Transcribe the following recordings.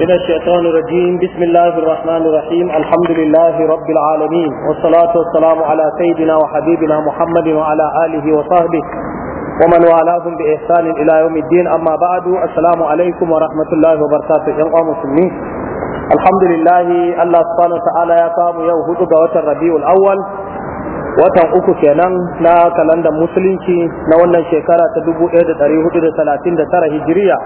من الشيطان الرجيم بسم الله الرحمن الرحيم الحمد لله رب العالمين والصلاة والسلام على سيدنا وحبيبنا محمد وعلى آله وصحبه ومن والاهم بإحسان إلى يوم الدين أما بعد السلام عليكم ورحمة الله وبركاته يا مسلمين الحمد لله الله سبحانه وتعالى يا قام يوهد الربيع الأول watan uku kenan na kalandar musulunci na wannan shekara ta 1439 hijiriya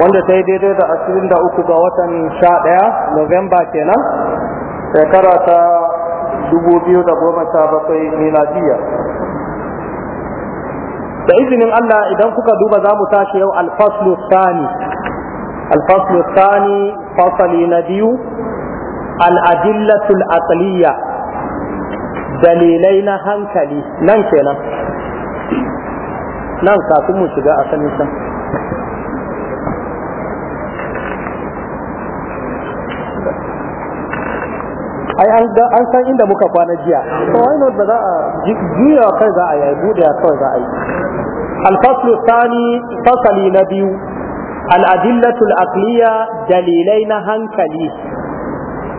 wanda ta yi daidai da asirin da uku ga watan sha ɗaya novemba kenan shekara ta dubu biyu da goma sha bakwai miladiya da izinin Allah idan kuka duba za mu tashi yau alfaslu sani alfaslu sani fasali na biyu al'adillatul aqliya dalilai na hankali nan kenan nan kafin mu shiga asalin san ai an san inda muka kwana jiya so why not ba za a juya kai za a yi bude kawai za a yi الفصل الثاني فصل نبي الأدلة dalilai na hankali,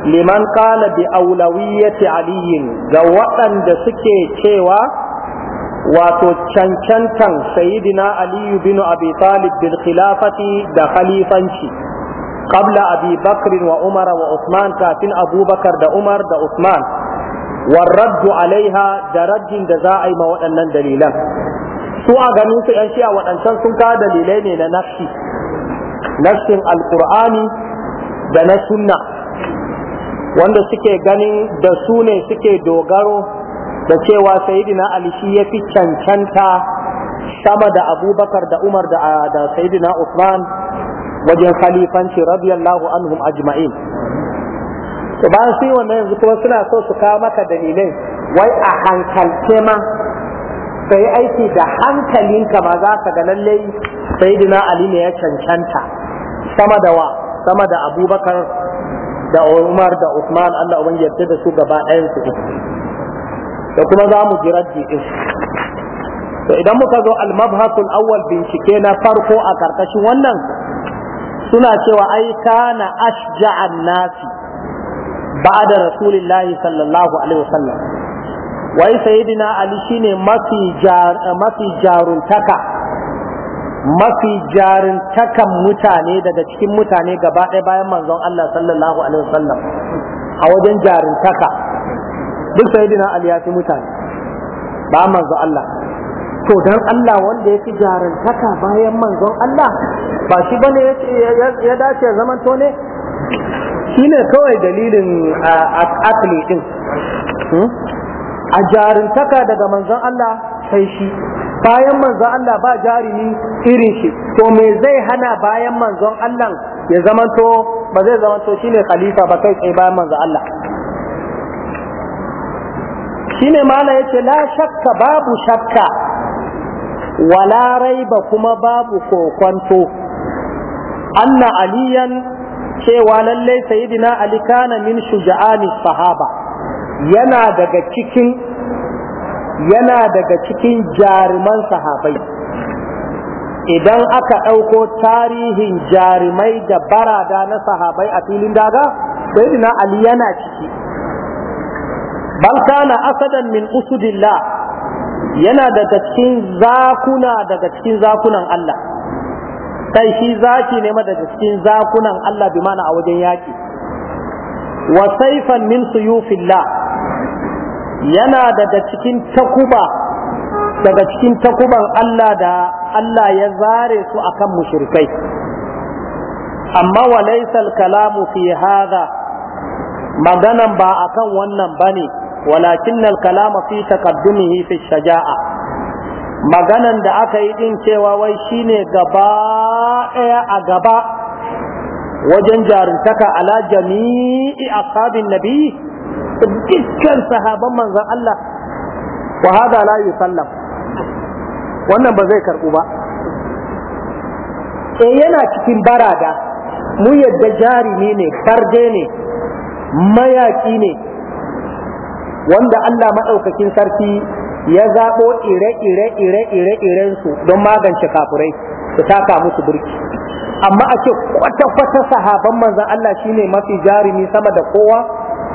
liman kala bi aulawiyyati aliyin ga waɗanda suke cewa wato cancantan sayyidina aliyu bin abi talib bil khilafati da khalifanci qabla abi bakr wa umar wa usman kafin abubakar da umar da usman والرد عليها درج جزاء ma waɗannan dalilan su a ganin su 'yan shi'a waɗancan sun ka dalilai ne na nafsi nafsin alkur'ani da na sunna wanda suke ganin da su ne suke dogaro da cewa sayidina ali shi ya fi cancanta sama da abubakar da umar da sayidina usman wajen khalifanci radiyallahu anhum ajma'in to bayan sun yi wannan yanzu kuma suna so su kawo maka dalilai wai a hankalce ma sai aiki da hankalinka ma za ka ga lallai sayyidina ali ne ya cancanta sama da wa sama da abubakar da umar da usman allah uban yarda da su gaba ɗayan su da kuma za mu jira jikin, to idan muka zo al-mabhasul awwal bincike na farko a karkashin wannan suna cewa ai kana ashja'an annasi ba'da rasulillahi sallallahu alaihi wasallam wai sayyidina ali shine mafi jar mafi jaruntaka mafi jaruntakan mutane daga cikin mutane gaba ɗaya bayan manzon Allah sallallahu alaihi wasallam a wajen jaruntaka duk sayyidina ali ya fi mutane ba manzon Allah to dan Allah wanda ya fi jarantaka bayan manzon Allah ba shi bane ya dace ya zamanto ne shine kawai dalilin akli din hmm? a jarantaka daga manzon Allah sai shi bayan manzon Allah ba jarumi irin shi to me zai hana bayan manzon Allah ya zamanto ba zai zamanto shine khalifa ba kai tsaye bayan manzon Allah shine mala yace la shakka babu shakka wala raiba kuma babu kokwanto anna aliyan cewa lallai sayidina ali kana min shuja'ani sahaba yana daga cikin yana daga cikin jaruman sahabai idan aka ɗauko tarihin jarumai da barada na sahabai a filin daga sayidina ali yana ciki bal kana asadan min usudillah yana daga cikin zakuna daga cikin zakunan Allah sai shi zaki ne ma daga cikin zakunan Allah bi mana a wajen yaki wa saifan min suyufillah yana daga cikin takuba daga cikin takuban Allah da Allah ya zare su akan mushrikai amma wa laysal kalamu fi hadha maganan ba akan wannan bane walakin al-kalama fi taqaddumihi fi shaja'a maganan da aka yi din cewa wai shine gaba ɗaya a gaba wajen jarintaka ala jami'i ashabin nabi dukkan sahaban manzon Allah wa hada la yusallam wannan ba zai karɓu ba E, yana cikin barada mu yadda jarimi ne farje ne mayaki ne wanda Allah maɗaukakin sarki ya zaɓo ire-ire-ire-ire-irensu don magance kafurai su taka musu burki amma a ce kwata-kwata sahaban manzan Allah ne mafi jarumi sama da kowa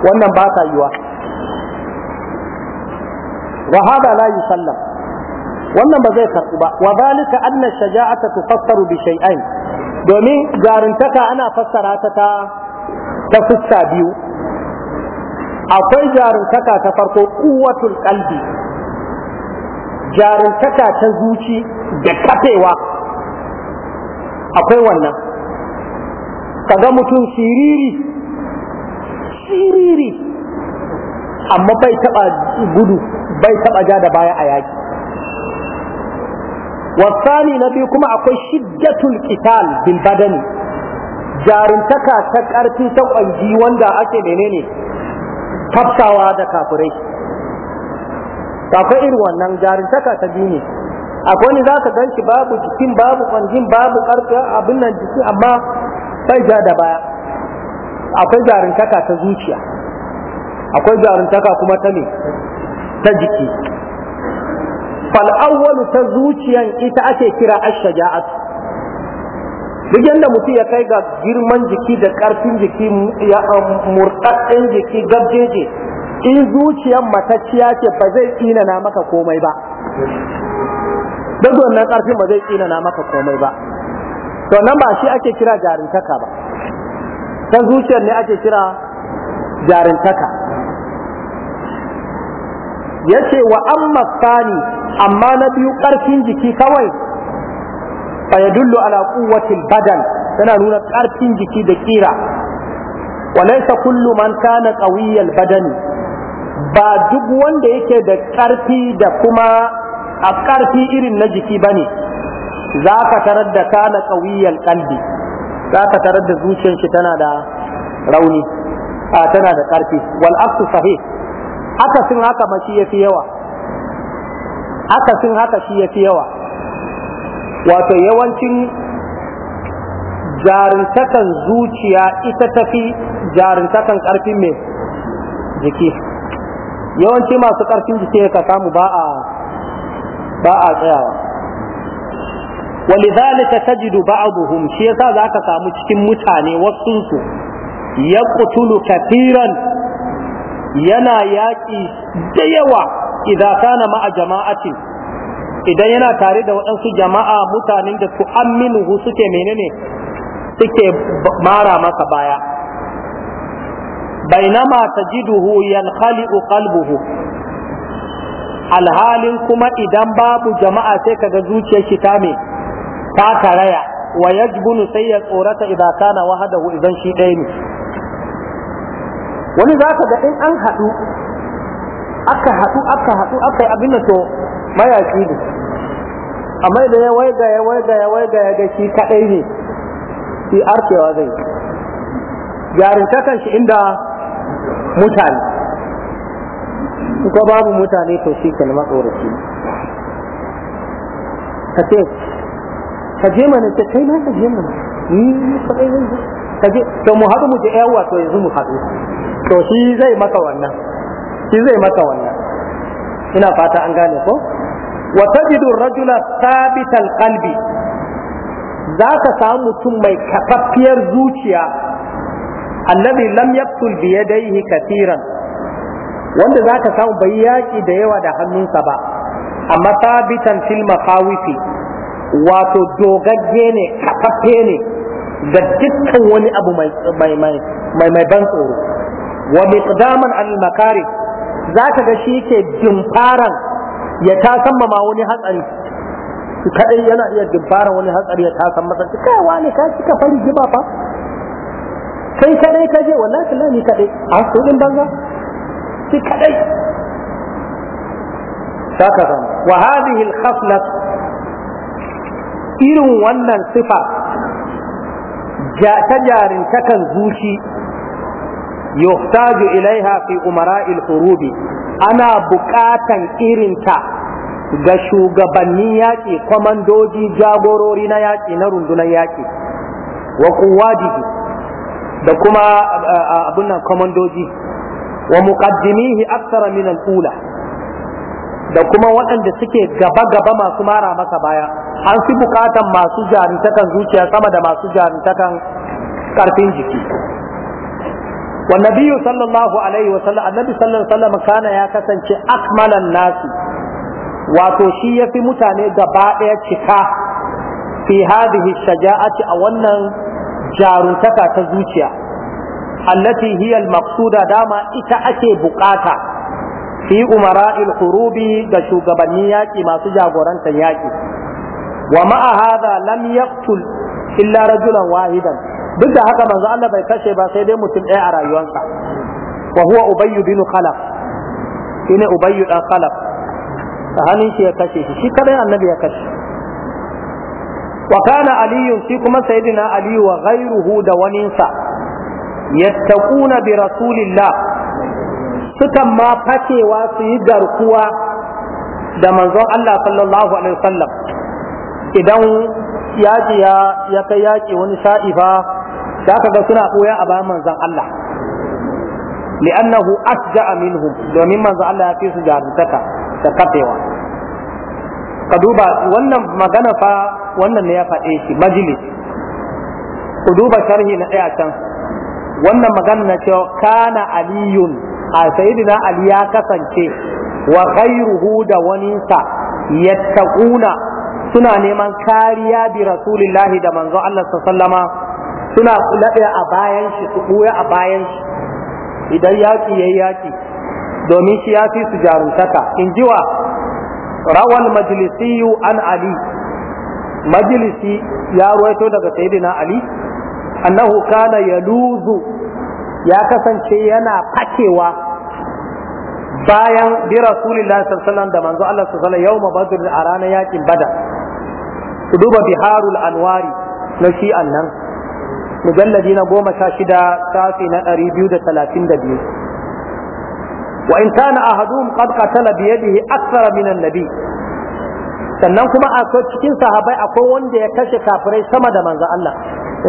wannan ba ta yiwa wa hada la sallam, wannan ba zai karɓu ba wa zalika anna shaja'ata tufassaru bi shay'ain domin jarintaka ana fassara ta ta fuska biyu akwai jaruntaka ta farko kuwatul kalbi jaruntaka ta zuci da kafewa akwai wannan kaga mutum siriri siriri amma bai taba gudu bai taba ja da baya a yaki wasani na biyu kuma akwai shiddatul qital bil badani jaruntaka ta karfi ta kwanji wanda ake menene kafsawa da kafirai akwai irin wannan jarintaka ta dini akwai ne za ka gan shi babu jikin babu kwanjin babu karfi abin nan jiki amma sai ja da baya akwai jarintaka ta zuciya akwai jarintaka kuma ta ne ta jiki fal'awwalu ta zuciyan ita ake kira ash duk yadda mutum ya kai ga girman jiki da ƙarfin jiki ya um, murɗaɗɗen jiki gabjeje in zuciyar matacciya ce ba zai na maka komai ba duk wannan ƙarfin ba zai na maka komai ba to nan ba shi ake kira jarintaka ba ta zuciyar ne ake kira jarintaka Ya ce wa amma amma na biyu ƙarfin jiki kawai fa yadullu ala quwwatil badan tana nuna karfin jiki da ƙira. wa laysa kullu man kana qawiyal badani ba duk wanda yake da karfi da kuma a karfi irin na jiki bane za ka tarar da kana qawiyal qalbi za ka tarar da zuciyar shi tana da rauni tana da karfi wal aksu sahih akasin haka ma shi yafi yawa wato yawancin jarintakan zuciya ita tafi jarintakan ƙarfin mai jiki yawanci masu karfin jiki ka samu ba a ba a tsayawa walidhalika tajidu ba'dhum shi yasa zaka samu cikin mutane wasu su yaqtulu kathiran yana yaƙi da yawa idan kana ma'a jama'atin idan yana tare da waɗansu jama'a mutanen da su aminuhu suke menene suke mara masa baya bainama tajiduhu yankhali'u qalbuhu alhalin kuma idan babu jama'a sai kaga zuciyar shi ta me ta karaya wa yajbunu sai ya tsorata idan kana wahadahu idan shi ɗaya ne wani zaka ga in an haɗu aka haɗu aka haɗu aka yi abin da to mayaƙi ne amma da ya waiga ya waiga ya waiga ya ga shi kadai ne shi arkewa zai jarintakan shi inda mutane ko babu mutane to shi kalma tsoraci ka ce ka je mana ce kai na ka je mana ni kaɗai zai je ka je to mu haɗu mu je yawa to yanzu mu haɗu to shi zai maka wannan shi zai maka wannan ina fata an gane ko Wata tajidu rajula sabitan qalbi za ka samu mutum mai kafaffiyar zuciya annabi lam yaqtul bi katiran wanda za ka samu bai yaki da yawa da hannunsa ba amma sabitan fil maqawisi wato dogagge ne kafaffe ne da dukkan wani abu mai mai ban tsoro wa miqdaman al za ka ga shi ke dimfaran ya tasan ma wani hatsari kadai yana iya dubara wani hatsari ya ta tasan masa kai wani ka cika fari giba fa kai kadai ka je wallahi ni kadai a su din banza ki kadai saka san wa hadhihi al irin wannan sifa ta jarin jarintakan zuci yuhtaju ilaiha fi umara'il hurubi ana buƙatan irinta ga shugabannin yaƙi kwamandoji jagorori na yaƙi na rundunar yaƙi wa kuwajibi da kuma abin nan kwamandoji wa muqaddimihi aksara min al-ula da kuma waɗanda suke gaba-gaba masu mara masa baya an fi bukatan masu jarintakan zuciya sama da masu jarintakan ƙarfin jiki wa nabiyyu sallallahu alaihi wa sallam annabi sallallahu alaihi wa sallam kana ya kasance akmalan nasi wato shi ya fi mutane gaba ɗaya cika fi hadhihi shaja'ati a wannan jaruntaka ta zuciya allati hiya al-maqsuda dama ita ake bukata fi umara'il hurubi da shugabanni yaƙi masu jagorantar yaƙi wa ma'a hadha lam yaqtul illa rajulan wahidan duk da haka manzo Allah bai kashe ba sai dai mutum ɗaya a rayuwarsa wa huwa ubayyu bin khalaf shine ubayyu dan khalaf da hannun shi ya kashe shi shi kadai annabi ya kashe wa kana aliyun shi kuma sayyidina ali wa ghairuhu da waninsa yattaquna bi rasulillah sukan ma fakewa su yi garkuwa da manzon Allah sallallahu alaihi wasallam idan yaji ya ya kai yaki wani sha'ifa da aka ga suna koya a bayan manzon Allah li'annahu asja'a minhum domin manzon Allah ya fi su jarumtaka da kafewa ka duba wannan magana fa wannan ne ya faɗe shi majalis ku duba sharhi na ɗaya can wannan magana na cewa kana aliyun a sayidina ali ya kasance wa ghayruhu da waninsa yattaquna suna neman kariya bi rasulillahi da manzo Allah sallama suna kulaɗe a bayan shi su ɓuya a bayan shi idan yaƙi ya yaƙi domin shi ya fi su jaruntaka in jiwa rawal majlisiyu an ali majlisi ya ruwaito daga sayyidina ali annahu kana yaluzu ya kasance yana fakewa bayan bi rasulillah sallallahu alaihi da manzo Allah sallallahu alaihi wasallam yawma badr a ranar yakin Bada, su duba biharul anwari na shi annan mujalladi na goma sha shida safi na ɗari biyu da talatin da biyu wa in kana ahaduhum qad qatala bi yadihi akthara min annabi sannan kuma a cikin sahabai akwai wanda ya kashe kafirai sama da manzo Allah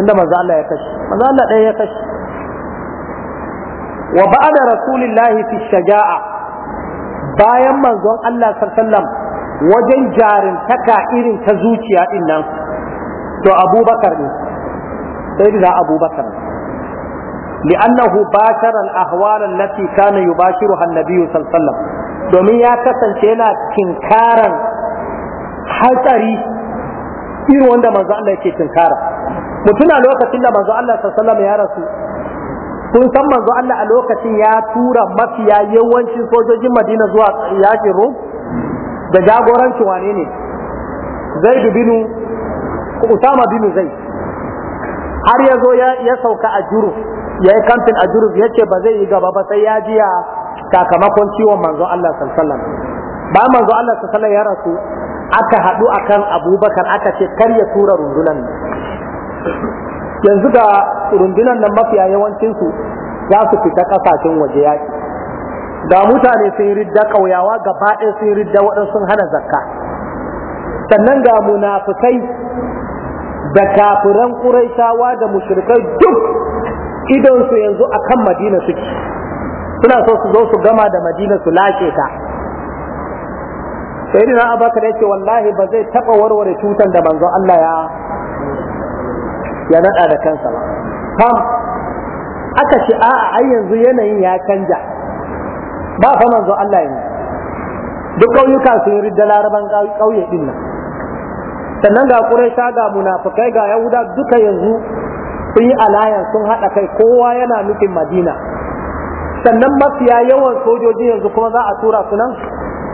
inda manzo Allah ya kashe manzo Allah ɗaya ya kashe wa ba'da rasulillahi fi shaja'a bayan manzon Allah sallallahu alaihi wajen jarin taka irin ta zuciya din nan to abubakar ne sai da abubakar ne لأنه باشر الأهوال التي كان يباشرها النبي صلى الله عليه وسلم domin ya kasance yana kinkaran hatsari irin wanda manzo Allah yake tinkara mutum a lokacin da manzo Allah ya rasu kun san manzo Allah a lokacin ya tura mafiya yawancin sojojin Madina zuwa yakin Rum da jagoranci wane ne Zaid bin Usama bin Zaid har ya zo ya sauka a Juruf ya yi kamfin a juruf ya ce ba zai yi gaba ba sai ya jiya sakamakon ciwon manzo Allah sallallahu ba manzo Allah sallallahu ya rasu aka haɗu akan abubakar aka ce kar ya tura rundunan yanzu da rundunan nan mafiya yawancinsu za su fita ƙasashen waje yaƙi ga mutane sun ridda ƙauyawa gaba ɗaya sun ridda waɗansu sun hana zakka sannan ga munafukai da kafiran ƙuraitawa da mushrikai duk idonsu yanzu akan madina suke suna so su zo su gama da madina su lashe ta sai dina abakar ya ce wallahi ba zai taɓa warware cutan da manzon Allah ya ya naɗa da kansa ba ha aka ce a ai yanzu yanayin ya canja ba fa manzon Allah yanzu duk ƙauyuka sun yi da laraban ƙauye ɗin nan sannan ga ƙuraisha ga munafikai ga yahuda duka yanzu sun yi alayan sun haɗa kai kowa yana nufin madina sannan mafiya yawan sojoji yanzu kuma za a tura su nan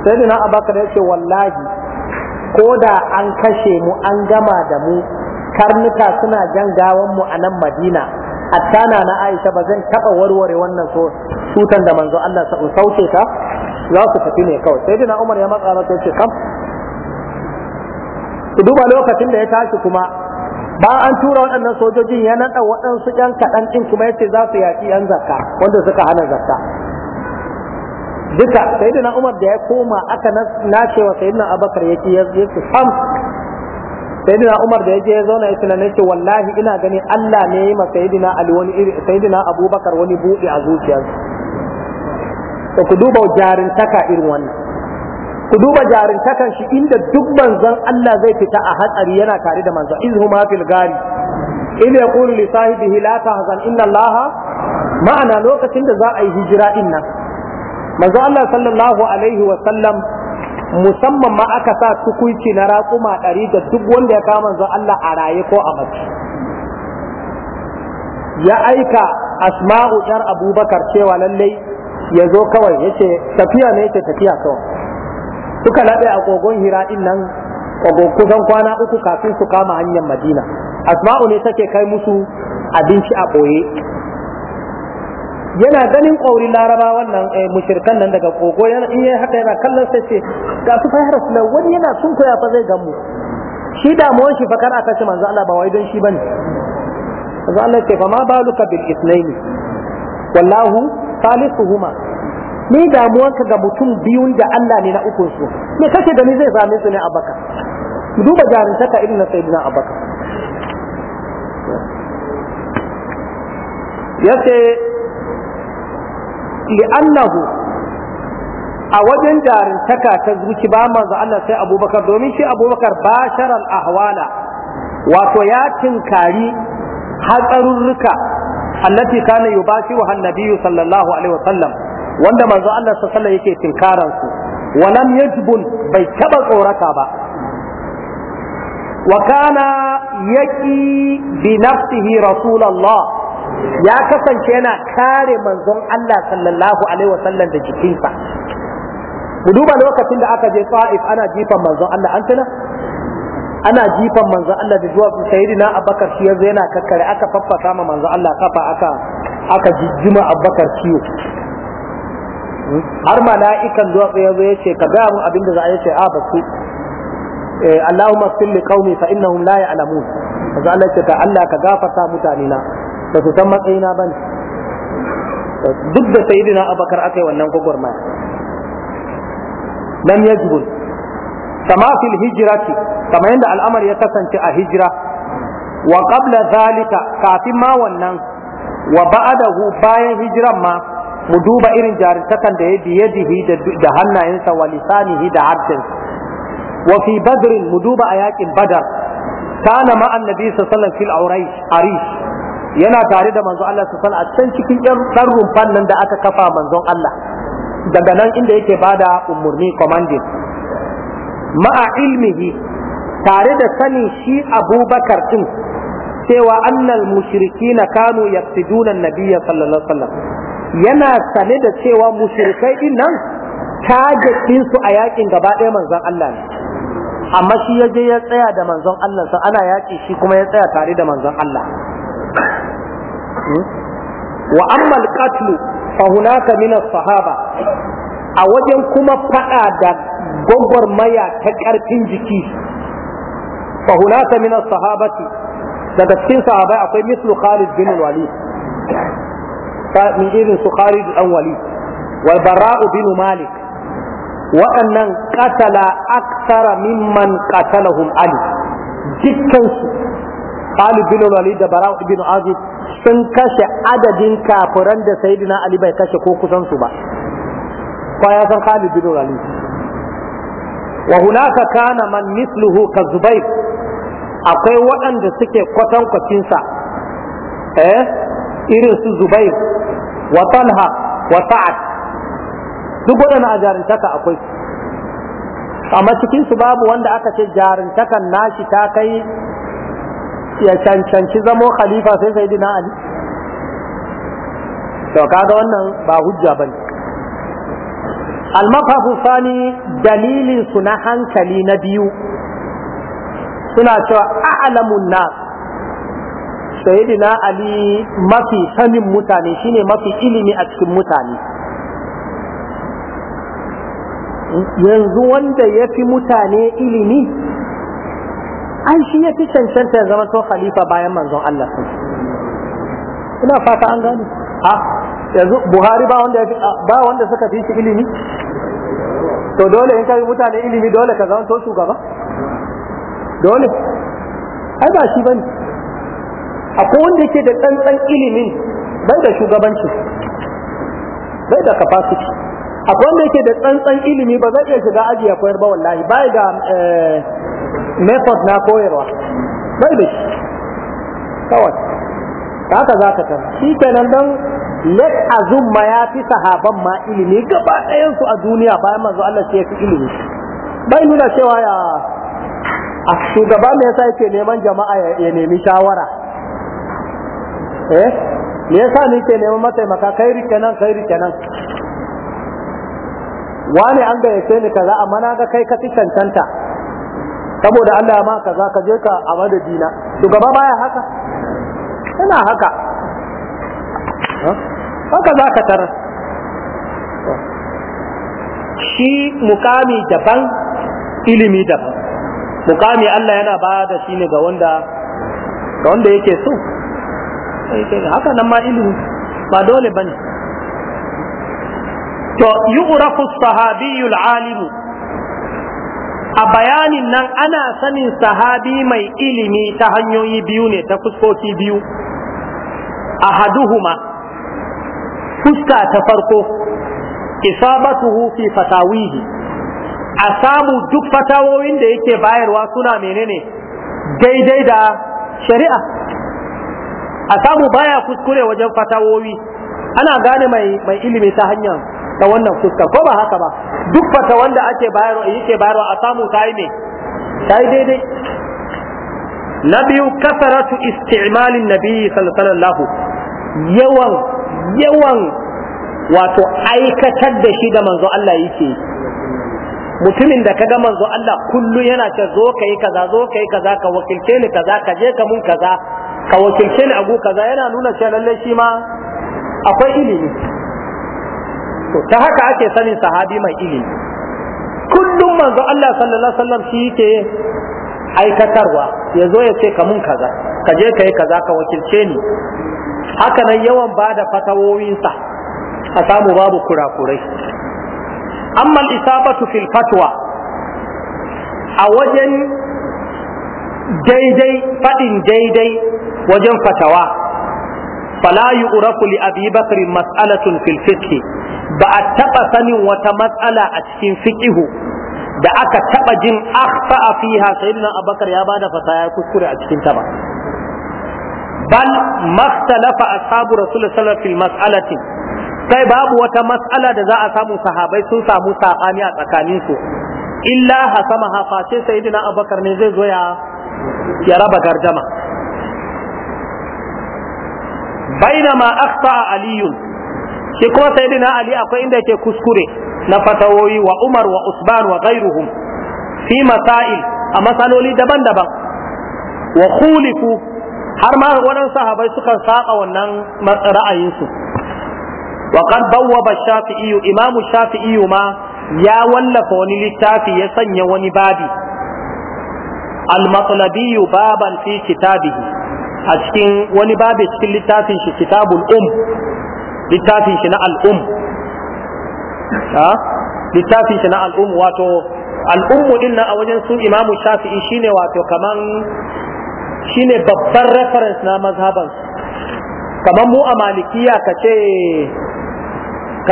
sai dina abakar ya ce wallahi ko da an kashe mu an gama da mu karnuka suna jan gawan mu a nan madina a tana na aisha ba zan taɓa warware wannan so da manzo Allah sa sauke ta za su tafi ne kawai sai dina umar ya matsa mata ya ce kam su duba lokacin da ya tashi kuma ba an tura waɗannan sojojin ya naɗa waɗansu ƴan kaɗan ɗin kuma yace za su yaƙi ƴan zakka wanda suka hana zakka duka sayyidina Umar da ya koma aka nace wa sayyidina Abubakar yake yake sam sayyidina Umar da ya je ya zauna ya tunane ce wallahi ina gani Allah ne ya yi ma sayyidina Ali wani iri sayyidina Abubakar wani buɗe a zuciyarsa to ku duba taka irin wannan ku duba jarintakan shi inda duk manzon Allah zai fita a hatsari yana tare da manzon izhuma fil gari idh yaqulu li sahibihi la tahzan inna Allah ma'ana lokacin da za a yi hijira din nan Allah sallallahu alaihi wa sallam musamman ma aka sa tukuici na raƙuma ɗari da duk wanda ya kama manzo Allah a raye ko a mace ya aika asma'u yar abubakar cewa lallai ya zo kawai ce tafiya ne yake tafiya kawai suka a agogon hira din nan kusan kwana uku kafin su kama hanyar madina asma'u ne take kai musu abinci a ɓoye yana ganin ƙaurin laraba wannan eh, mushirkan nan daga kogo in yi haka yana kallon sai ce ga su fahimtar na, wani yana sun koya fa zai gamu shi damuwan shi fakar aka ce manzo Allah ba wai don shi bane manzo Allah ce fa ma baluka bil ithnaini wallahu salisuhuma Ni damuwanka ga mutum biyun da Allah ne na ukun su me kake gani zai same su ne a baka duba jarumtaka irin na sayyidina abaka yace li'annahu a wajen jarintaka ta zuci ba manzo Allah sai Abubakar domin shi Abubakar basharal ahwala wato ya tinkari hatsarurruka allati kana yubashiru annabiyyu sallallahu alaihi wasallam wanda manzo Allah sallallahu alaihi yake tinkaran su walam yajbun bai taba tsorata ba wa kana yaki bi nafsihi rasulullah ya kasance yana kare manzon Allah sallallahu alaihi wasallam da jikinsa ku duba lokacin da aka je Ta'if ana jifan manzon Allah an tana ana jifan manzon Allah da zuwa sayyidina Abubakar shi yanzu yana kakkare aka faffasa ma manzon Allah kafa aka aka jijjima Abubakar ciwo har mala'ikan duwatsu ya zo ya ce ka gaya mun abin da za a yi ce a ah, ba su eh, Allahumma fil liqaumi fa innahum la ya'lamun kaza Allah ce ka Allah ka gafarta mutane na ba su san matsayina ne. duk da sayyidina Abakar akai wannan gwagwarmaya lam yajbun kama fil hijrati kama yanda al'amari ya kasance a hijira wa qabla zalika kafin ma wannan wa ba'adahu bayan hijiran ma mu duba irin jarintakan da ya biyadihi da hannayensa wa lisanihi da harshensa wa fi badrin mu duba a yakin badar kana ma annabi sallallahu alaihi wasallam arish yana tare da manzo Allah sallallahu alaihi wasallam a can cikin yan rumfan nan da aka kafa manzon Allah daga nan inda yake bada umurni commanding ma'a ilmihi tare da sanin shi abubakar din cewa annal mushrikina kanu yaqtiduna annabiyya sallallahu alaihi wasallam yana sane da cewa mushrikai din nan target din su a yakin gaba ɗaya manzon Allah ne amma shi ya je ya tsaya da manzon Allah sa ana yaki shi kuma ya tsaya tare da manzon Allah hmm? wa amma al-qatl fa hunaka min as-sahaba a wajen kuma fada da gwagwarmaya ta karfin jiki fa hunaka min as-sahabati daga cikin sahabai akwai mislu Khalid bin Walid min irin su Khalid dan Walid wal Bara'u bin Malik waɗannan qatala aksara mimman qatalahum Ali dukkan Khalid bin Walid da Bara'u bin sun kashe adadin kafiran da Sayyidina Ali bai kashe ko kusan su ba ko ya san Khalid bin Walid wa hunaka kana man mithluhu ka Zubair akwai waɗanda suke kwatankwacinsa eh irin su Zubair wa talha wa sa'ad duk waɗanda a jarintaka akwai amma cikin babu wanda aka ce jarintakan nashi ta kai ya cancanci zamo khalifa sai sai dina ali to kaga wannan ba hujja bane al-mafahu sani dalilin su na hankali na biyu suna cewa a'lamun nas sayyidina ali mafi sanin mutane shine mafi ilimi a cikin mutane yanzu wanda ya fi mutane ilimi an shi ya fi cancanta ya zama to khalifa bayan manzon Allah sun ina fata an gani. a ah, yanzu buhari ba wanda suka fi shi ilimi to dole in kai mutane ilimi dole ka zama to shugaba dole ai ba shi bane akwai wanda yake da tsantsan ilimin bai da shugabanci bai da capacity akwai wanda yake da tsantsan ilimi ba zai iya shiga aji ya koyar ba wallahi bai da eh, method na koyarwa bai da shi kawai haka za ka tara shi kenan don let azum ma ya fi sahaban ma ilimi gaba ɗayansu a duniya bayan manzo Allah sai ya fi ilimi bai nuna cewa ya a shugaba me yasa yake neman jama'a ya nemi shawara eh me yasa ni ke neman mataimaka kai rike nan kai rike nan wani an gayyace ni kaza amma na ga kai ka fi cancanta saboda Allah ya ma kaza ka je ka a madadina shugaba baya haka ina haka haka za ka tarar shi mukami daban ilimi daban mukami Allah yana ba da shi ne ga wanda ga wanda yake so ma ilimi ba dole bane to yu'rafu sahabiyyu alimu a bayanin nan ana sanin sahabi mai ilimi ta hanyoyi biyu ne ta fuskoki biyu A ahaduhuma fuska ta farko isabatuhu fi fatawihi a samu duk fatawowin da yake bayarwa suna menene daidai da shari'a a samu baya kuskure wajen fatawowi ana gane mai mai ilimi ta hanyar ta wannan fuskar ko ba haka ba duk fata wanda ake bayarwa yake bayarwa a samu ta yi ne ta daidai na biyu kasaratu isti'malin nabi sallallahu yawan yawan wato aikatar da shi da manzo Allah yake mutumin da kaga manzo Allah kullu yana ce zo kai kaza zo kai kaza ka wakilce ni kaza ka je ka mun kaza ka wakilce ni abu kaza yana nuna cewa lallai shi ma akwai ilimi to ta haka ake sanin sahabi mai ilimi kullum manzo Allah sallallahu alaihi wasallam shi yake aikatarwa ya zo ya ce ka mun kaza ka je ka yi kaza ka wakilce ni haka nan yawan ba da fatawoyinsa a samu babu kurakurai amma isabatu fil fatwa a wajen daidai faɗin daidai wajen fatawa fala yu'rafu li abi bakr mas'alatun fil fiqh ba a taba sanin wata matsala a cikin fiƙihu da aka taba jin akhfa fiha sayyidina abubakar ya bada ya kuskure a cikin ta ba bal makhtalafa ashabu rasul sallallahu fil mas'alati sai babu wata mas'ala da za a samu sahabai sun samu sabani a tsakanin su illa hasama hafa sai sayyidina abubakar ne zai zo ya ya raba gardama ma akhta'a Aliyu. shi kuma sayyidina ali akwai inda yake kuskure na fatawoyi wa umar wa usman wa gairuhu fi masail a masaloli daban-daban wa khulifu har ma waɗansu sahabai suka saba wannan ra'ayinsu wa kan shafi'i imamu shafi'i ma ya wallafa wani littafi ya sanya wani babi al-matlabi baban fi kitabihi a cikin wani babu cikin littafin shi kitabul um littafin shi na al'um littafin shi na al'um wato al'ummu din na a wajen sun imamu shafi'i shine wato kaman shine babban reference na mazhaban kaman mu a malikiya ka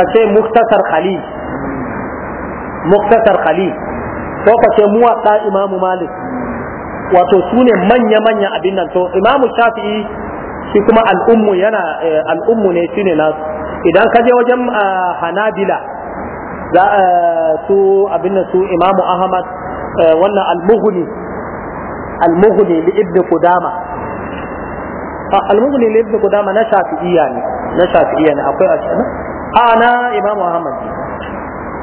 ce muktasar khalil muktasar khalil ko mu muwatta imamu malik wato su ne manya-manya abin nan to imamu shafi'i shi kuma al'ummu yana eh, al'ummu ne shi ne nasu idan ka je wajen ah, hanabila za eh, su abin nan su imamu ahmad eh, wannan al-mughni al-mughni li ibn qudama ah, al-mughni li ibn qudama na shafi'iyya ne na shafi'iyya ne akwai ashana a ah, na imamu ahmad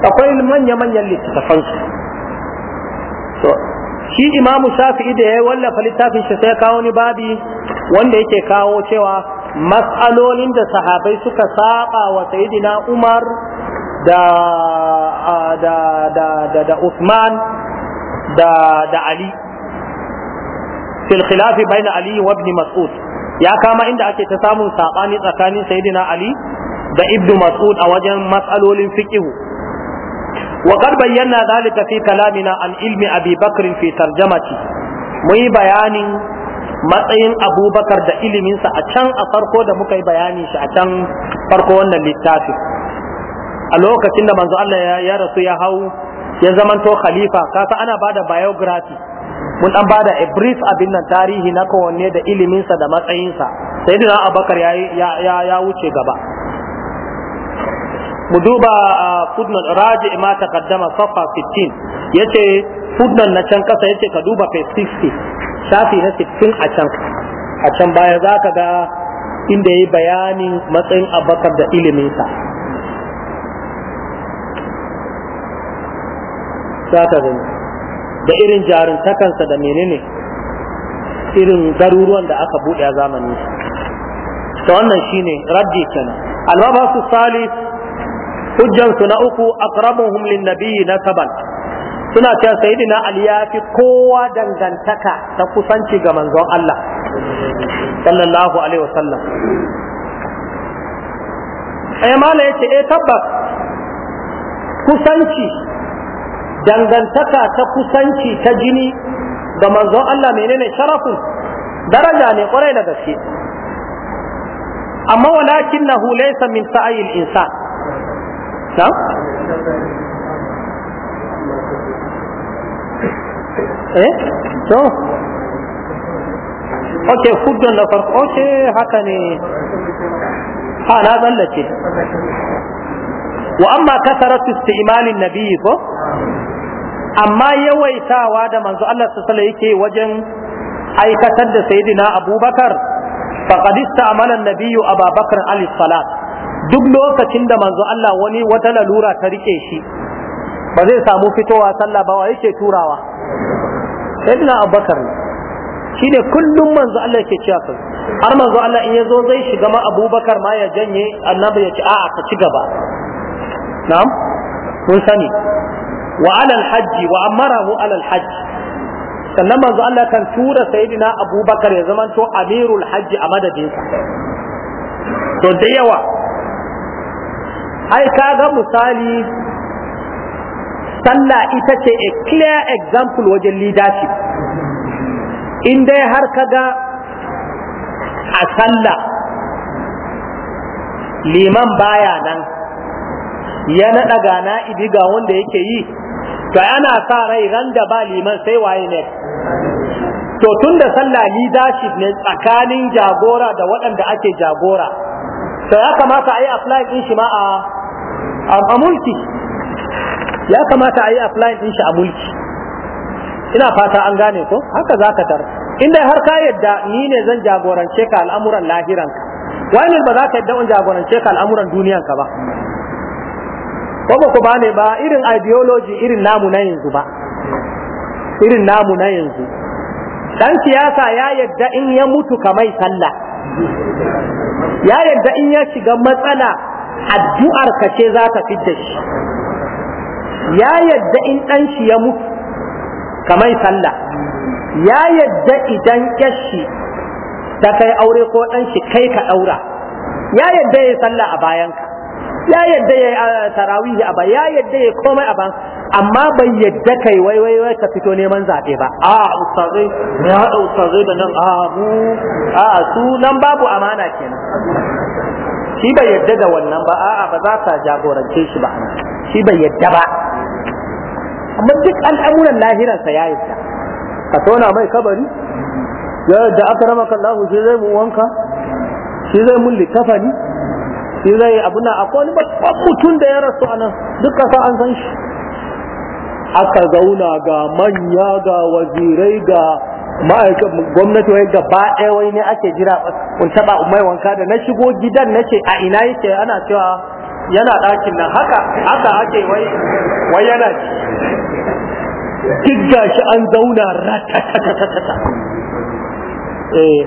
akwai manya-manyan littattafansu shi imamu shafi'i da ya yi wallafa littafin shi sai kawo ni babi wanda yake kawo cewa mas'alolin da sahabai suka saba wa sayyidina umar da da da da, da usman da da ali fil khilafi baina ali wa ibn mas'ud ya kama inda ake ta samun sabani tsakanin sayyidina ali da Ibnu mas'ud a wajen matsalolin fikihu. وقد بينا ذلك في كلامنا عن علم أبي بكر في ترجمتي مي بيان matsayin abubakar da iliminsa a can a farko da muka yi bayani shi a can farko wannan littafin a lokacin da manzo Allah ya rasu ya hau ya zamanto khalifa kasa ana bada biography mun dan bada a brief abin nan tarihi na kowanne da iliminsa da matsayinsa sai da abubakar ya wuce gaba mu duba a fudnan raji ma taqaddama safa 15 yace fudnan na can kasa yace ka duba page 60 shafi na 60 a can a can baya zaka ga inda yayi bayani matsayin abakar da iliminsa zaka gani da irin jaruntakansa da menene irin garuruwan da aka buɗe a zamanin shi to wannan shine raddi kenan al-mabasu salis hujjansu na uku aqrabuhum linnabi nasaban suna cewa sayyidina ali ya fi kowa dangantaka ta kusanci ga manzon Allah sallallahu alaihi wasallam sai eh, mala yace eh tabbas kusanci dangantaka ta kusanci ta jini ga manzon Allah menene sharafu daraja ne kwarai da gaske amma walakin na laysa min sa'il insan na eh to ok hujjan da farko ok haka ne ha na tsallace wa amma kasaratu isti'malin nabiyyi ko amma yawaitawa da manzo Allah sallallahu yake wajen aikatar da sayyidina Abubakar faqad istamala an-nabiyyu Abubakar alayhi salat duk lokacin da manzo Allah wani wata lalura ta rike shi ba zai samu fitowa sallah ba wai yake turawa sayyidina abubakar shine kullum manzo Allah yake cewa kai har manzo Allah in yazo zai shiga ma abubakar ma ya janye annabi ya ce a'a ka ci gaba na'am kun sani wa alal hajji wa amarahu alal hajji sannan manzo Allah kan tura sayyidina abubakar ya zamanto amirul hajji a madadinsa to da yawa ai kaga misali sallah ita ce a clear example wajen leadership in dai har kaga a sallah liman baya nan ya naɗa gana ga wanda yake yi to ana sa rai ran da ba liman sai waye ne to tun da sallah leadership ne tsakanin jagora da waɗanda ake jagora to ya kamata a yi apply ɗin shi ma a a mulki ya kamata a yi applying din shi a mulki ina fata an gane ko haka za ka tar inda har ka yadda ni ne zan jagorance ka al'amuran lahiranka wani ba za ka yadda in jagorance ka al'amuran duniyanka ba ko ba ku bane ba irin ideology irin namu na yanzu ba irin namu na yanzu dan siyasa ya yadda in ya mutu kamai sallah ya yadda in ya shiga matsala addu'ar ka ce za ta fidda shi ya yadda in ɗanshi shi ya mutu kamar sallah ya yadda idan yashi ta kai aure ko ɗanshi shi kai ka ɗaura ya yadda ya yi sallah a bayanka ya yadda ya yi tarawihi a ya yadda ya komai a ban amma bai yadda kai wai wai wai ka fito neman zaɓe ba a ustazai ya haɗa ustazai da nan a mu a su nan babu amana kenan shi bai yadda da wannan ba a'a ba za ta jagorance shi ba shi bai yadda ba amma duk al'amuran sa ya yadda ka tona mai kabari ya yadda aka rama kallahu shi zai mu wanka shi zai mun likafani shi zai abu na akwai babban mutum da ya rasu a nan duk kasa an san shi aka zauna ga manya ga wazirai ga gwamnati wai gaba ɗaya wai ne ake jira in taɓa mai wanka da na shigo gidan na ce a ina yake ana cewa yana ɗakin nan haka haka ake wai wai yana duk shi an zauna ratatatatata eh,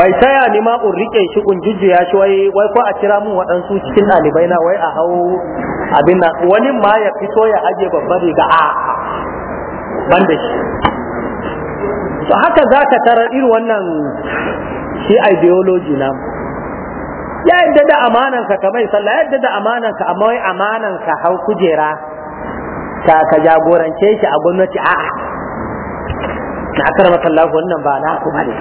mai taya ni ma in rike shi in jujjuya shi wai wai ko a kira mun waɗansu cikin ɗalibai na wai a hau abin nan wani ma ya fito ya aje babbar riga a ban da shi to haka za ka tarar irin wannan shi ideology na ya yadda da amananka kamar sallah yadda da amananka amma wai amananka hau kujera ka ka jagorance shi a gwamnati a'a na akar masallahu wannan ba na ku bane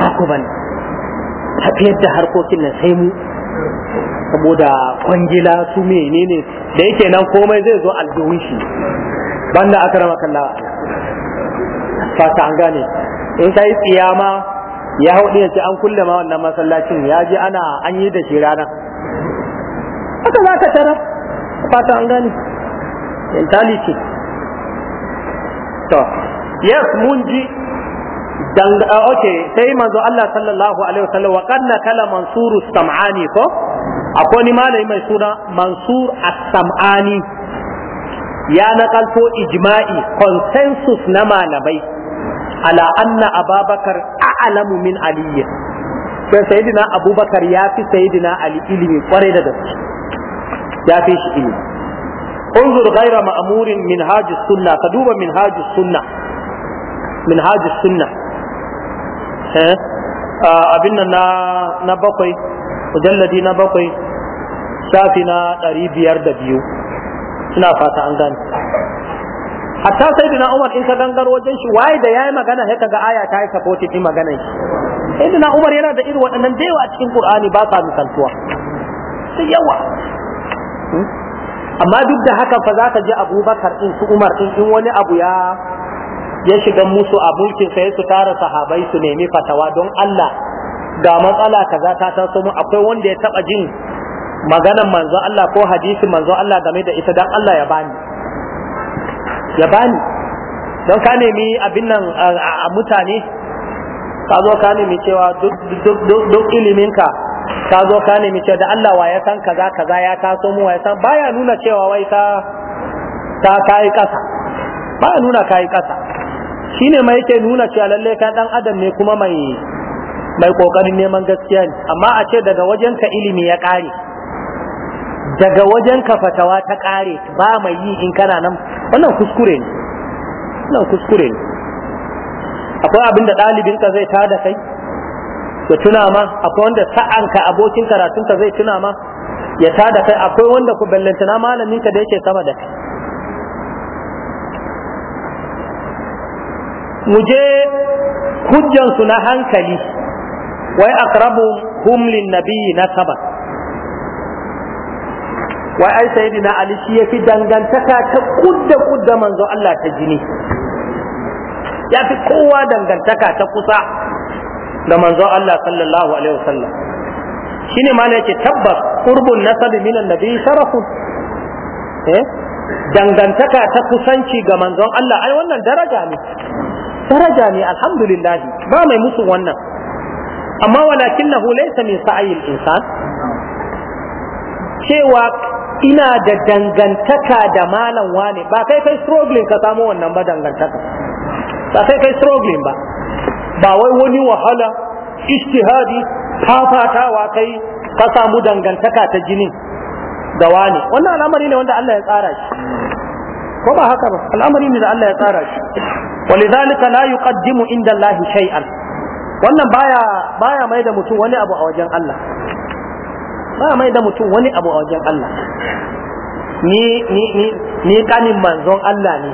na ku bane tafiyar da harkokin nan sai mu saboda kwangila su menene da yake nan komai zai zo aljihun shi banda akar masallahu fata an gane in kai tsiyama ya hau ya ce an kulle ma wannan masallacin ya ji ana an yi da shi haka za ka tara fata an gane mentality to yes mun ji dan ah, okay sai manzo Allah sallallahu alaihi wasallam wa qanna kala mansuru sam'ani ko akwai ni malami mai suna mansur as-sam'ani ya naƙalto ijma'i consensus na malamai ala anna ababakar a'lamu min aliyya sai sayyidina abubakar ya fi sayyidina ali ilimi kwarai da gaske ya fi shi ilimi انظر غير مأمور منهاج السنة فدوب منهاج السنة منهاج السنة abin nan na bakwai mujalladi na bakwai shafi na ɗari biyar da biyu ina fata an gane hatta sai dina umar in ka gangaro wajen shi waye da yayi magana sai kaga aya ta yi support din maganar shi sai umar yana da irin waɗannan da yawa a cikin qur'ani ba sa misaltuwa sai yawa hmm? amma duk da haka fa za ka ji abubakar ɗin su umar in in wani abu ya ya shiga musu a sai su tara sahabai su nemi fatawa don Allah ga matsala kaza ta taso mu akwai wanda ya taba jin maganan manzon Allah ko hadisin manzon Allah game da ita dan Allah ya bani ya bani don ka nemi abin nan a mutane ka zo ka nemi cewa duk iliminka ka zo ka nemi cewa da Allah wa ya san kaza kaza ya taso mu wa ya san baya nuna cewa wai ka ta kai kasa baya nuna kai kasa shine mai yake nuna cewa lalle ka dan adam ne kuma mai mai kokarin neman gaskiya ne amma a ce daga wajenka ilimi ya kare daga wajen ka fatawa ta ƙare ba mai yi in kana nan wannan kuskure ne wannan kuskure ne akwai abin da ɗalibin ka zai tada kai ya tuna ma akwai wanda sa'an ka abokin karatun ka zai tuna ma ya tada kai akwai wanda ku ballantana malamin ka da yake sama da kai mu je hujjansu na hankali wai aqrabu hum lin nabiyyi nasaban wai ai sayyidina ali shi yafi dangantaka ta kudda kudda manzo Allah ta jini yafi kowa dangantaka ta kusa da manzo Allah sallallahu alaihi wasallam shine ma yake tabbas qurbun nasab min annabi sharafun eh dangantaka ta kusanci ga manzon Allah ai wannan daraja ne daraja ne alhamdulillah ba mai musu wannan amma walakinahu laysa min sa'il insan cewa ina da dangantaka da malam wane ba kai kai struggling ka samu wannan ba dangantaka ba kai kai struggling ba ba wai wani wahala istihadi fafatawa kai ka samu dangantaka ta jini da wane wannan al'amari ne wanda Allah ya tsara shi ko ba haka ba al'amari ne da Allah ya tsara shi walidhalika la yuqaddimu inda Allah shay'an wannan baya baya mai da mutum wani abu a wajen Allah ba mai da mutum wani abu a wajen Allah ni ni ni ni kanin manzon Allah ne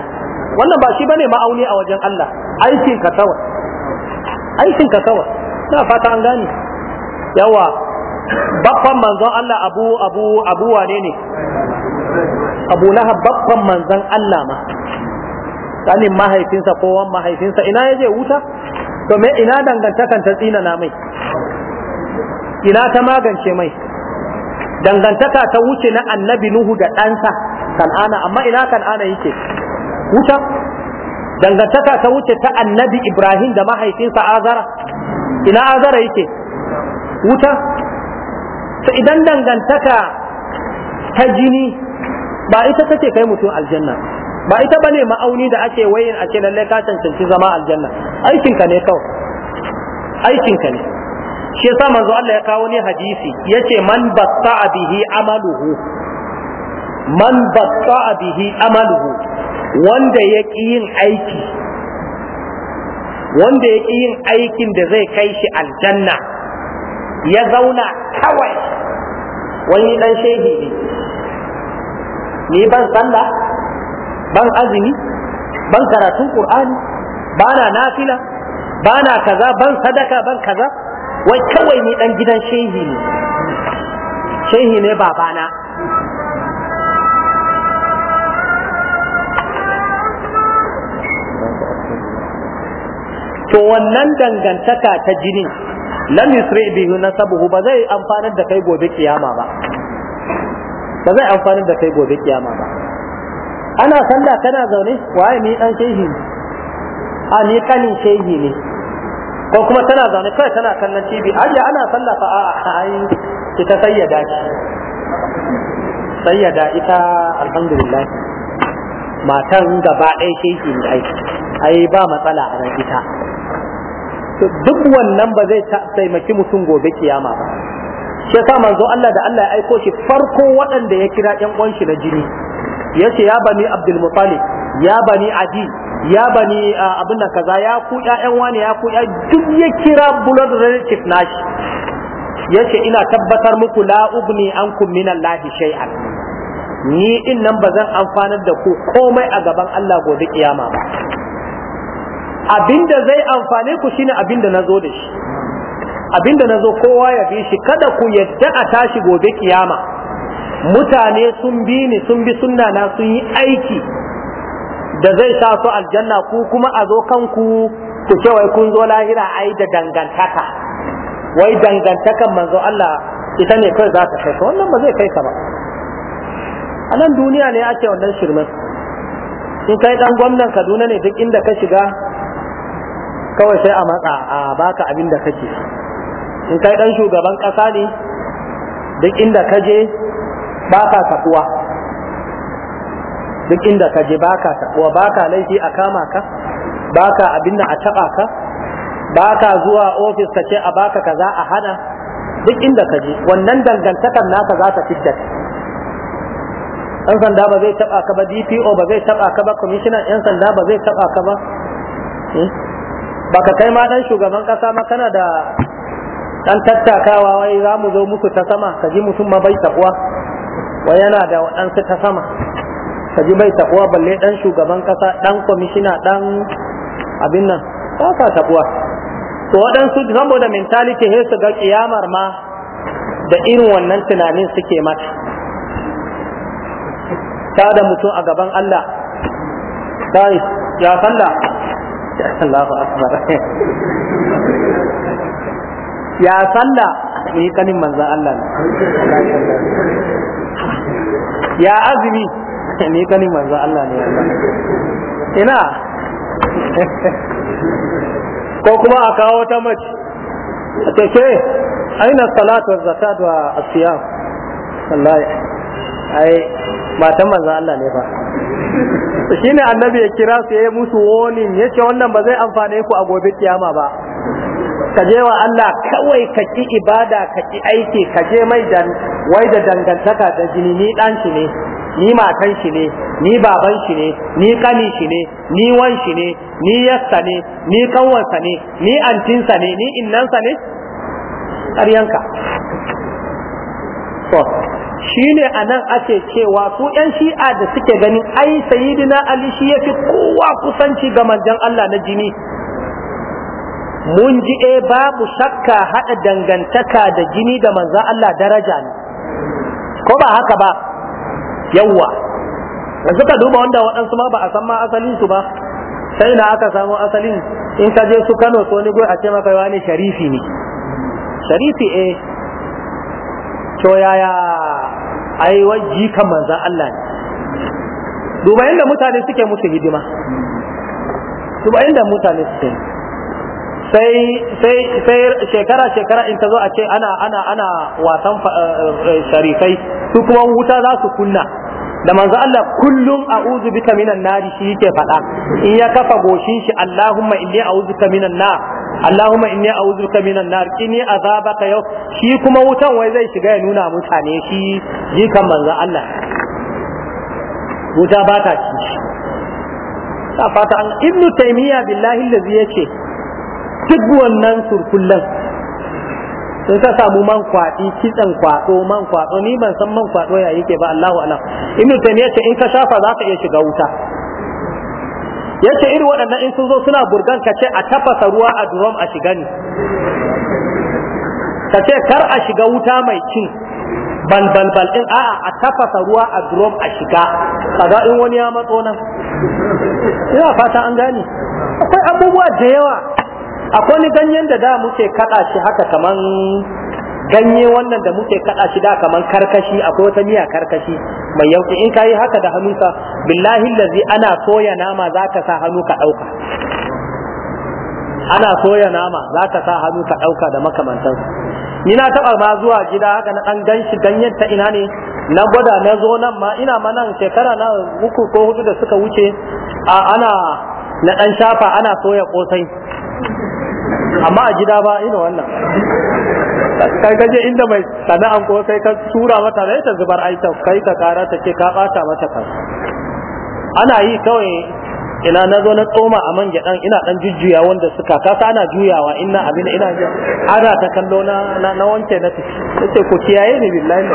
wannan ba shi bane ma'auni a wajen Allah aikin ka kawai aikin ka kawai na fata an gane yawa baffan manzon Allah abu abu abu wane ne abu na baffan manzon Allah ma kanin mahaifinsa ko wan mahaifinsa ina yaje wuta to me ina dangantakan ta tsina na mai ina ta magance mai dangantaka ta wuce na annabi nuhu da ɗansa kan'ana amma ina kan'ana yake wuta dangantaka ta wuce ta annabi ibrahim da mahaifinsa azara ina azara yake wuta to idan dangantaka ta jini ba ita take kai mutum aljanna ba ita bane ma'auni da ake wayin a ce lalle ka cancanci zama aljanna aikinka ne kawai aikinka ne shi yasa manzo Allah ya kawo ne hadisi yace man batta bihi amaluhu man batta bihi amaluhu wanda ya ki yin aiki wanda ya ki yin aikin da zai kai shi aljanna ya zauna kawai wani dan shehi ne ni ban sallah ban azumi ban karatun qur'ani bana nafila bana kaza ban sadaka ban kaza wai kawai ni dan gidan shehi ne shehi ne babana to wannan dangantaka ta jinin lam yusri bihi sabu ba zai amfanar da kai gobe kiyama ba ba zai amfanar da kai gobe kiyama ba ana sanda kana zaune waye ni dan shehi ne a ni kanin shehi ne ko kuma tana zaune kai tana kallon TV aje ana sallafa a ai ta sayyada ce sayyada ita alhamdulillah matan gaba ɗaya sheki ne ai ai ba matsala a nan ita duk wannan ba zai taimaki mutum gobe kiyama ba shi yasa manzo Allah da Allah ya aiko shi farko waɗanda ya kira ƴan uwan shi na jini yace ya bani Abdul Muttalib ya bani Adi ya bani abin da kaza ya ku ƴaƴan wani ya ku duk ya kira blood relative nashi yace ina tabbatar muku la ugni ankum min Allah shay'an ni in nan bazan amfanar da ku komai a gaban Allah gobe kiyama ba abinda zai amfane ku shine abinda nazo da shi abinda nazo kowa ya bi shi kada ku yadda a tashi gobe kiyama mutane sun bi ni sun bi sunna na sun yi aiki da zai sa su aljanna ku kuma a zo kanku ku ce wai kun zo lahira ai da dangantaka wai dangantakan manzo Allah ita ne kai za ta kai wannan ba zai kai ka ba a nan duniya ne ake wannan shirmen in kai dan gwamnan Kaduna ne duk inda ka shiga kawai sai a matsa a baka abin da kake in kai dan shugaban kasa ne duk inda ka je ka tafuwa duk inda ka je baka wa baka laifi a kama ka baka abinda a taba ka baka zuwa ofis ka ce a baka kaza a hana duk inda ka je wannan dangantakar naka za ta fitta yan sanda ba zai taba ka ba DPO ba zai taba ka ba commissioner yan sanda ba zai taba ka ba eh? baka kai ma dan shugaban kasa ma kana da dan tattakawa wai za mu zo muku ta sama ka ji mutum ma bai tabuwa wai yana da waɗansu ta sama ka ji bai taɓuwa balle ɗan shugaban ƙasa ɗan kwamishina ɗan abin nan ba ka taɓuwa to waɗansu saboda mentality he su ga kiyamar ma da irin wannan tunanin suke mata ta da mutum a gaban Allah sai ya sallah Allahu akbar ya sallah ni kanin manzon Allah ya azumi ni kanin manzo Allah ne ina ko kuma a kawo ta mace a ce ke aina salatu wa zakat wa asiyam sallai ai matan manzo Allah ne fa shine annabi ya kira su yayi musu warning yace wannan ba zai amfane ku a gobe kiyama ba ka je wa Allah kawai ka ki ibada ka ki aiki ka je mai dan wai da dangantaka da jini ni dan shi ne ni matan shi ne ni baban shi ne ni kani shi ne ni wan shi ne ni yassa ne ni kanwansa ne ni antinsa ne ni innansa ne ƙaryanka so shi ne a nan ake cewa su 'yan shi'a da suke ganin ai sayidina ali shi ya fi kowa kusanci ga manjan Allah na jini mun ji e babu shakka haɗa dangantaka da jini da manzan Allah daraja ne ko ba haka ba yawwa yanzu ka duba wanda waɗansu ma ba a san ma asalin su ba sai na aka samu asalin in ka je su Kano ko ni a ce maka wani sharifi ne sharifi eh to yaya ai wajji kan manzon Allah ne duba inda mutane suke musu hidima duba inda mutane suke sai sai sai shekara shekara in ta zo a ce ana ana ana wasan eh, eh, sharifai su kuma wuta za su kunna da manzo Allah kullum a'udhu bika minan nari shi yake faɗa in ya kafa goshin shi Allahumma inni a'udhu bika minan nar Allahumma inni a'udhu bika minan nar inni azabaka yau shi kuma wutan wai zai shiga ya nuna mutane shi jikan manzo Allah wuta ba ta ci ta fata an ibnu taymiya billahi allazi yake duk wannan surkullan sun ka samu man kwaɗi kitsan kwaɗo man kwaɗo ni ban san man kwaɗo ya yake ba Allahu alam ibn taymiya ce in ka shafa za ka iya shiga wuta yace irin waɗannan in sun zo suna burgan ka ce a tafasa ruwa a durom a shiga ne ka ce kar a shiga wuta mai cin ban bal bal din a'a a tafasa ruwa a durom a shiga kaga in wani ya matso nan ina fata an gane akwai abubuwa da yawa akwai ni ganyen da da muke kada shi haka kaman ganye wannan da muke kada shi da kaman karkashi akwai wata miya karkashi mai yauki in yi haka da hannunka billahi lazi ana soya nama zaka sa hannu ka dauka ana soya nama zaka sa hannu ka dauka da makamantan ni na taba ma zuwa gida haka na dan ganshi ganyen ta ina ne na gwada na zo nan ma ina ma nan shekara na uku ko hudu da suka wuce a ana na dan shafa ana soya kosai amma a gida ba ina wannan kai ka je inda mai sana'an ko sai ka tura mata rai ta zubar aita kai ka kara ta ce ka bata mata kan ana yi kawai ina na zo na tsoma a man gyaɗan ina dan jujjuya wanda suka kasa ana juyawa ina abin ina ji ana ta kallo na na wance na ce ku kiyaye ni billahi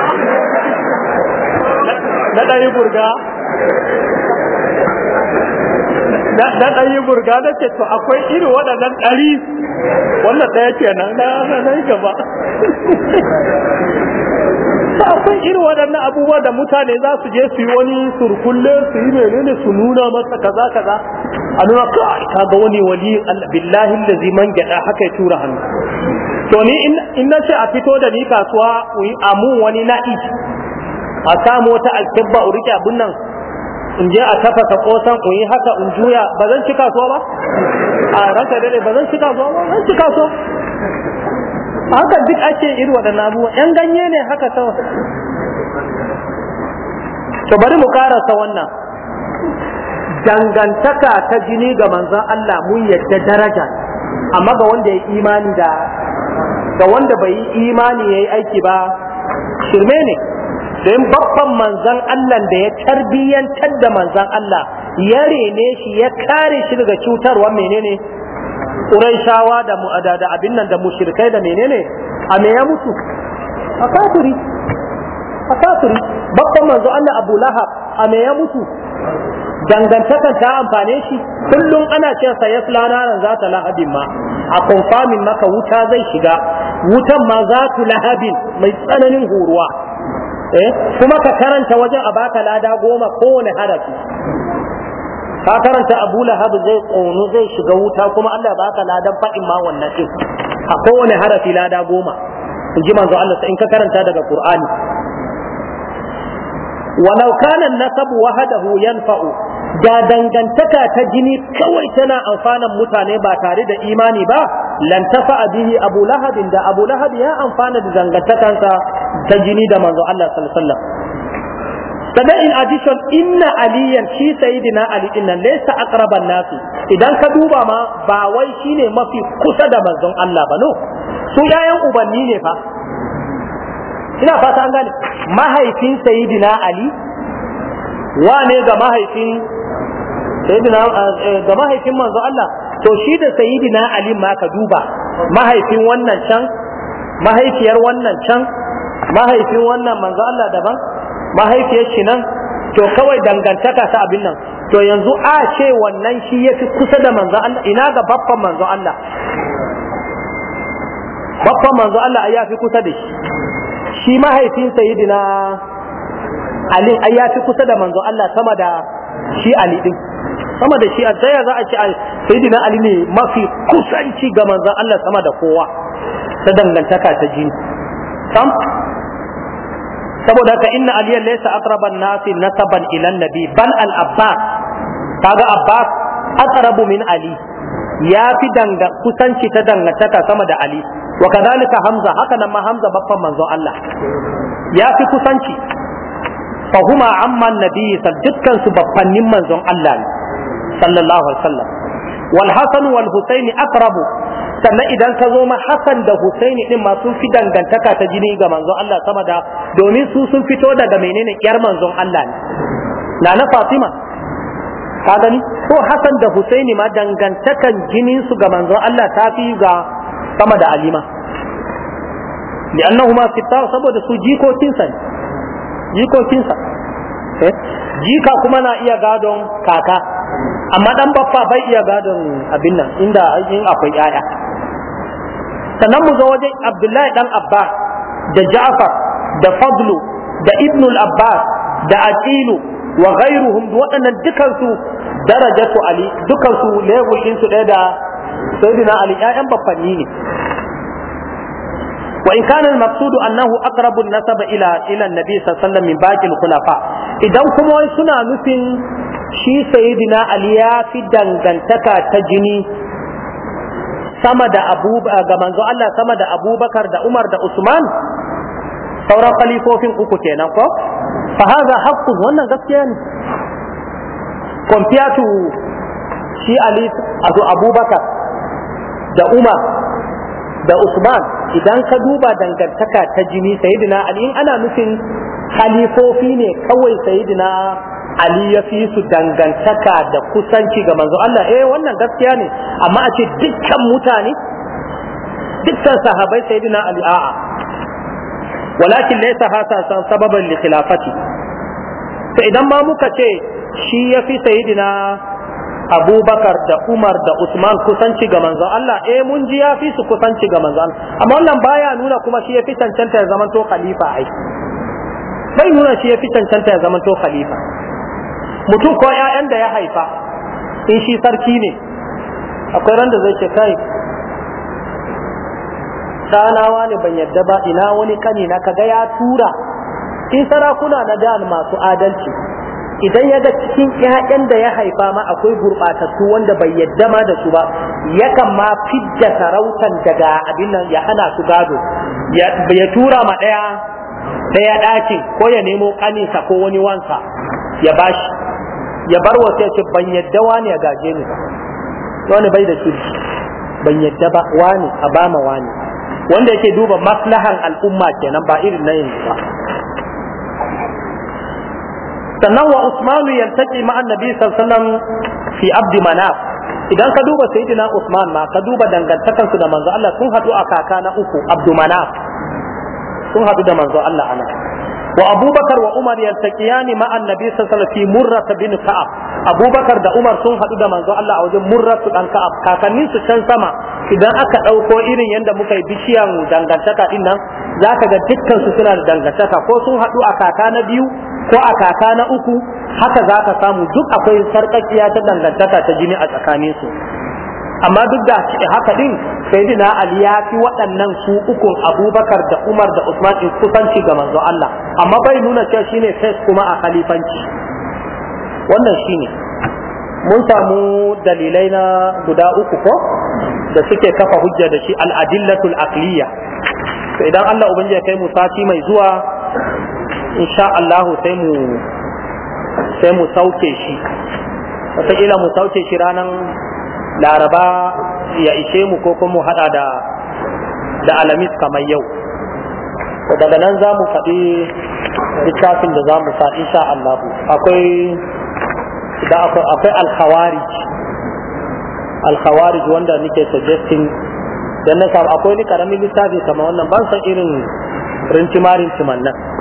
na ɗari burga na ɗan yi gurga da ce to akwai iri waɗannan ɗari wannan ɗaya ke nan na na yi gaba akwai iri waɗannan abubuwa da mutane za su je su yi wani surkulle su yi menene su nuna masa kaza kaza a nuna kai ka kaga wani wali billahi allazi man gada haka ya tura hannu to ni in na ce a fito da ni kasuwa a mun wani na'i a samu wata alkibba a rike abun nan in je a tafasa kosan in yi haka in juya ba zan ci kasuwa ba a ranka dare ba zan ci kasuwa ba zan ci kasuwa haka duk ake iri waɗannan abuwa yan ganye ne haka ta to bari mu karasa wannan dangantaka ta jini ga manzon Allah mun yadda daraja amma ga wanda ya imani da ga wanda bai yi imani yi aiki ba shirme ne don babban manzan Allah da ya tarbiyyantar da manzan Allah ya rene shi ya kare shi daga cutarwa menene ƙuraishawa da mu'ada da abin nan da mushrikai da menene a me ya mutu a kafiri a kafiri babban manzo Allah Abu Lahab a me ya mutu dangantakan ta amfane shi kullum ana cewa sa yasla naran za ta lahabin ma a konfamin maka wuta zai shiga wutan ma za ta lahabin mai tsananin horuwa eh kuma ka karanta wajen a baka lada goma kowane harafi ka karanta abu lahab zai tsono zai shiga wuta kuma Allah ka ladan faɗin ma wannan ɗin a kowane harafi lada goma in ji manzo Allah in ka karanta daga Qur'ani walau kana nasabu wahdahu yanfa'u da dangantaka ta jini kawai tana amfanan mutane ba tare da imani ba lan tafa bihi abu lahab da abu lahab ya amfana da dangantakansa ta jini da manzo Allah sallallahu alaihi wasallam sannan in addition inna aliyan shi sayyidina ali inna laysa aqraban nasi idan ka duba ma ba wai shine mafi kusa da manzon Allah ba no su yayan ubanni ne fa ina fata an gane mahaifin sayyidina ali wane ga mahaifin sayyidina eh, ga mahaifin manzo Allah to shi da sayyidina ali ma ka duba mahaifin wannan can mahaifiyar wannan can mahaifin wannan manzo Allah daban mahaifiyar shi nan to kawai dangantaka ta abin nan to yanzu a ce wannan shi yafi kusa da manzo Allah ina ga babban manzo Allah babban manzo Allah ai fi kusa da shi shi mahaifin sayyidina Ali ai yafi fi kusa da manzo Allah sama da shi Ali din sama da shi sai za a ce sayyidina Ali ne mafi kusanci ga manzo Allah sama da kowa ta dangantaka ta jini sam saboda haka inna aliyan laysa aqraban nasi nasaban ila nabi bal al abbas kaga abbas aqrabu min ali ya fi danga kusanci ta dangantaka sama da ali wa kadhalika hamza haka nan ma hamza babban manzon Allah ya fi kusanci fa huma amma nabi dukkan su babbannin manzon Allah ne sallallahu alaihi wasallam wal hasan wal husaini aqrabu sannan idan ka zo ma Hassan da Husaini din ma sun fi dangantaka ta jini ga manzon Allah sama da domin su sun fito daga menene kyar manzon Allah ne na na Fatima ka gani ko Hassan da Husaini ma dangantakan jinin su ga manzon Allah ta fi ga sama da Alima annahuma fitar saboda su jikokinsa ne jikokinsa eh? jika kuma na iya gadon kaka amma dan baffa bai iya gadon abin nan inda in akwai yaya sannan mu zo wajen abdullahi dan Abba da ja'far da fadlu da ibnu abbas da aqilu wa ghairuhum waɗannan su darajatu ali dukansu level ɗinsu su da sayyidina ali 'ya'yan baffanni ne وإن كان المقصود أنه أقرب النسب إلى إلى النبي صلى الله عليه وسلم من باقي الخلفاء إذا كما سنا نفن شي سيدنا علي في دنگنتكا تجني sama da abu ga manzo Allah abubakar da umar da usman sauran khalifofin uku kenan ko fa hadha haqqun wannan gaskiya ne compared to shi ali abubakar da umar da usman idan ka duba dangantaka ta jini sayidina ali in ana nufin khalifofi ne kawai sayidina ali ya fi su dangantaka da kusanci ga manzo Allah eh wannan gaskiya ne amma a ce dukkan mutane dukkan sahabai sayidina ali a'a walakin laysa hasa sababan li khilafati to idan ma muka ce shi ya fi sayidina. abubakar da umar da usman kusanci ga manzon Allah eh mun ji ya fi su kusanci ga manzon Allah amma wannan baya nuna kuma shi ya fi cancanta ya zamanto khalifa ai bai nuna shi ya fi cancanta ya zamanto khalifa mutum ko ƴaƴan da ya haifa in shi sarki ne akwai ran da zai ce kai ɗanawa ne ban yadda ba ina wani kani na kaga ya tura in sarakuna na da masu adalci idan ya ga cikin ƴaƴan da ya haifa ma akwai gurɓatattu wanda bai yadda ma da su ba yakan ma fidda sarautan daga abin nan ya hana su gado ya tura ma ɗaya ɗaya ɗakin ko ya nemo ƙaninsa ko wani wansa ya bashi ya bar wasu ya ce ban yadda wani ya gaje ni ba wani bai da kirki ban yadda ba wani a bama wani wanda yake duba maslahan al'umma kenan ba irin na yanzu ba sannan wa Usman yantaki ma annabi sallallahu alaihi wasallam fi abdi manaf idan ka duba sayyidina Usman ma ka duba dangantakan su da manzo Allah sun hadu a kaka na uku abdu manaf sun hadu da manzo Allah ana wa abubakar wa umar yantaqiyani ma annabi sallallahu alaihi wasallam fi murrat bin ka'ab abubakar da umar sun hadu da manzo Allah a wajen murratu dan ka'ab kakannin su can sama idan aka dauko irin yanda muka yi bishiyan dangantaka dinnan, nan zaka ga dukkan su suna da dangantaka ko sun hadu a kaka na biyu ko a kaka na uku haka za ka samu duk akwai sarƙaƙiya ta dangantaka ta jini a tsakanin su amma duk da haka din sai dina ali ya fi waɗannan su ukun abubakar da umar da usman in kusanci ga manzo Allah amma bai nuna cewa shine sai kuma a khalifanci wannan shine mun samu dalilai na guda uku ko da suke kafa hujja da shi al'adillatul adillatul aqliya idan Allah ubangiji ya kai mu sati mai zuwa insha Allah sai mu sai mu sauke shi wataƙila mu sauke shi ranar laraba ya ishe mu ko kuma mu haɗa da da alamis kamar yau daga nan za mu faɗi littafin da za mu sa insha Allah akwai da akwai alkhawarij alkhawarij wanda nake suggesting dan na akwai ni karamin littafi kamar wannan ban san irin rintimarin timan nan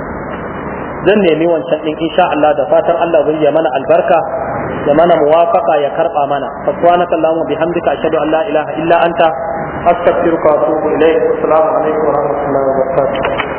zan nemi wancan din insha Allah da fatar Allah zai mana albarka ya mana muwafaqa ya karba mana subhanaka allahumma bihamdika ashhadu an la ilaha illa anta astaghfiruka wa atubu ilayk assalamu alaikum wa rahmatullahi wa barakatuh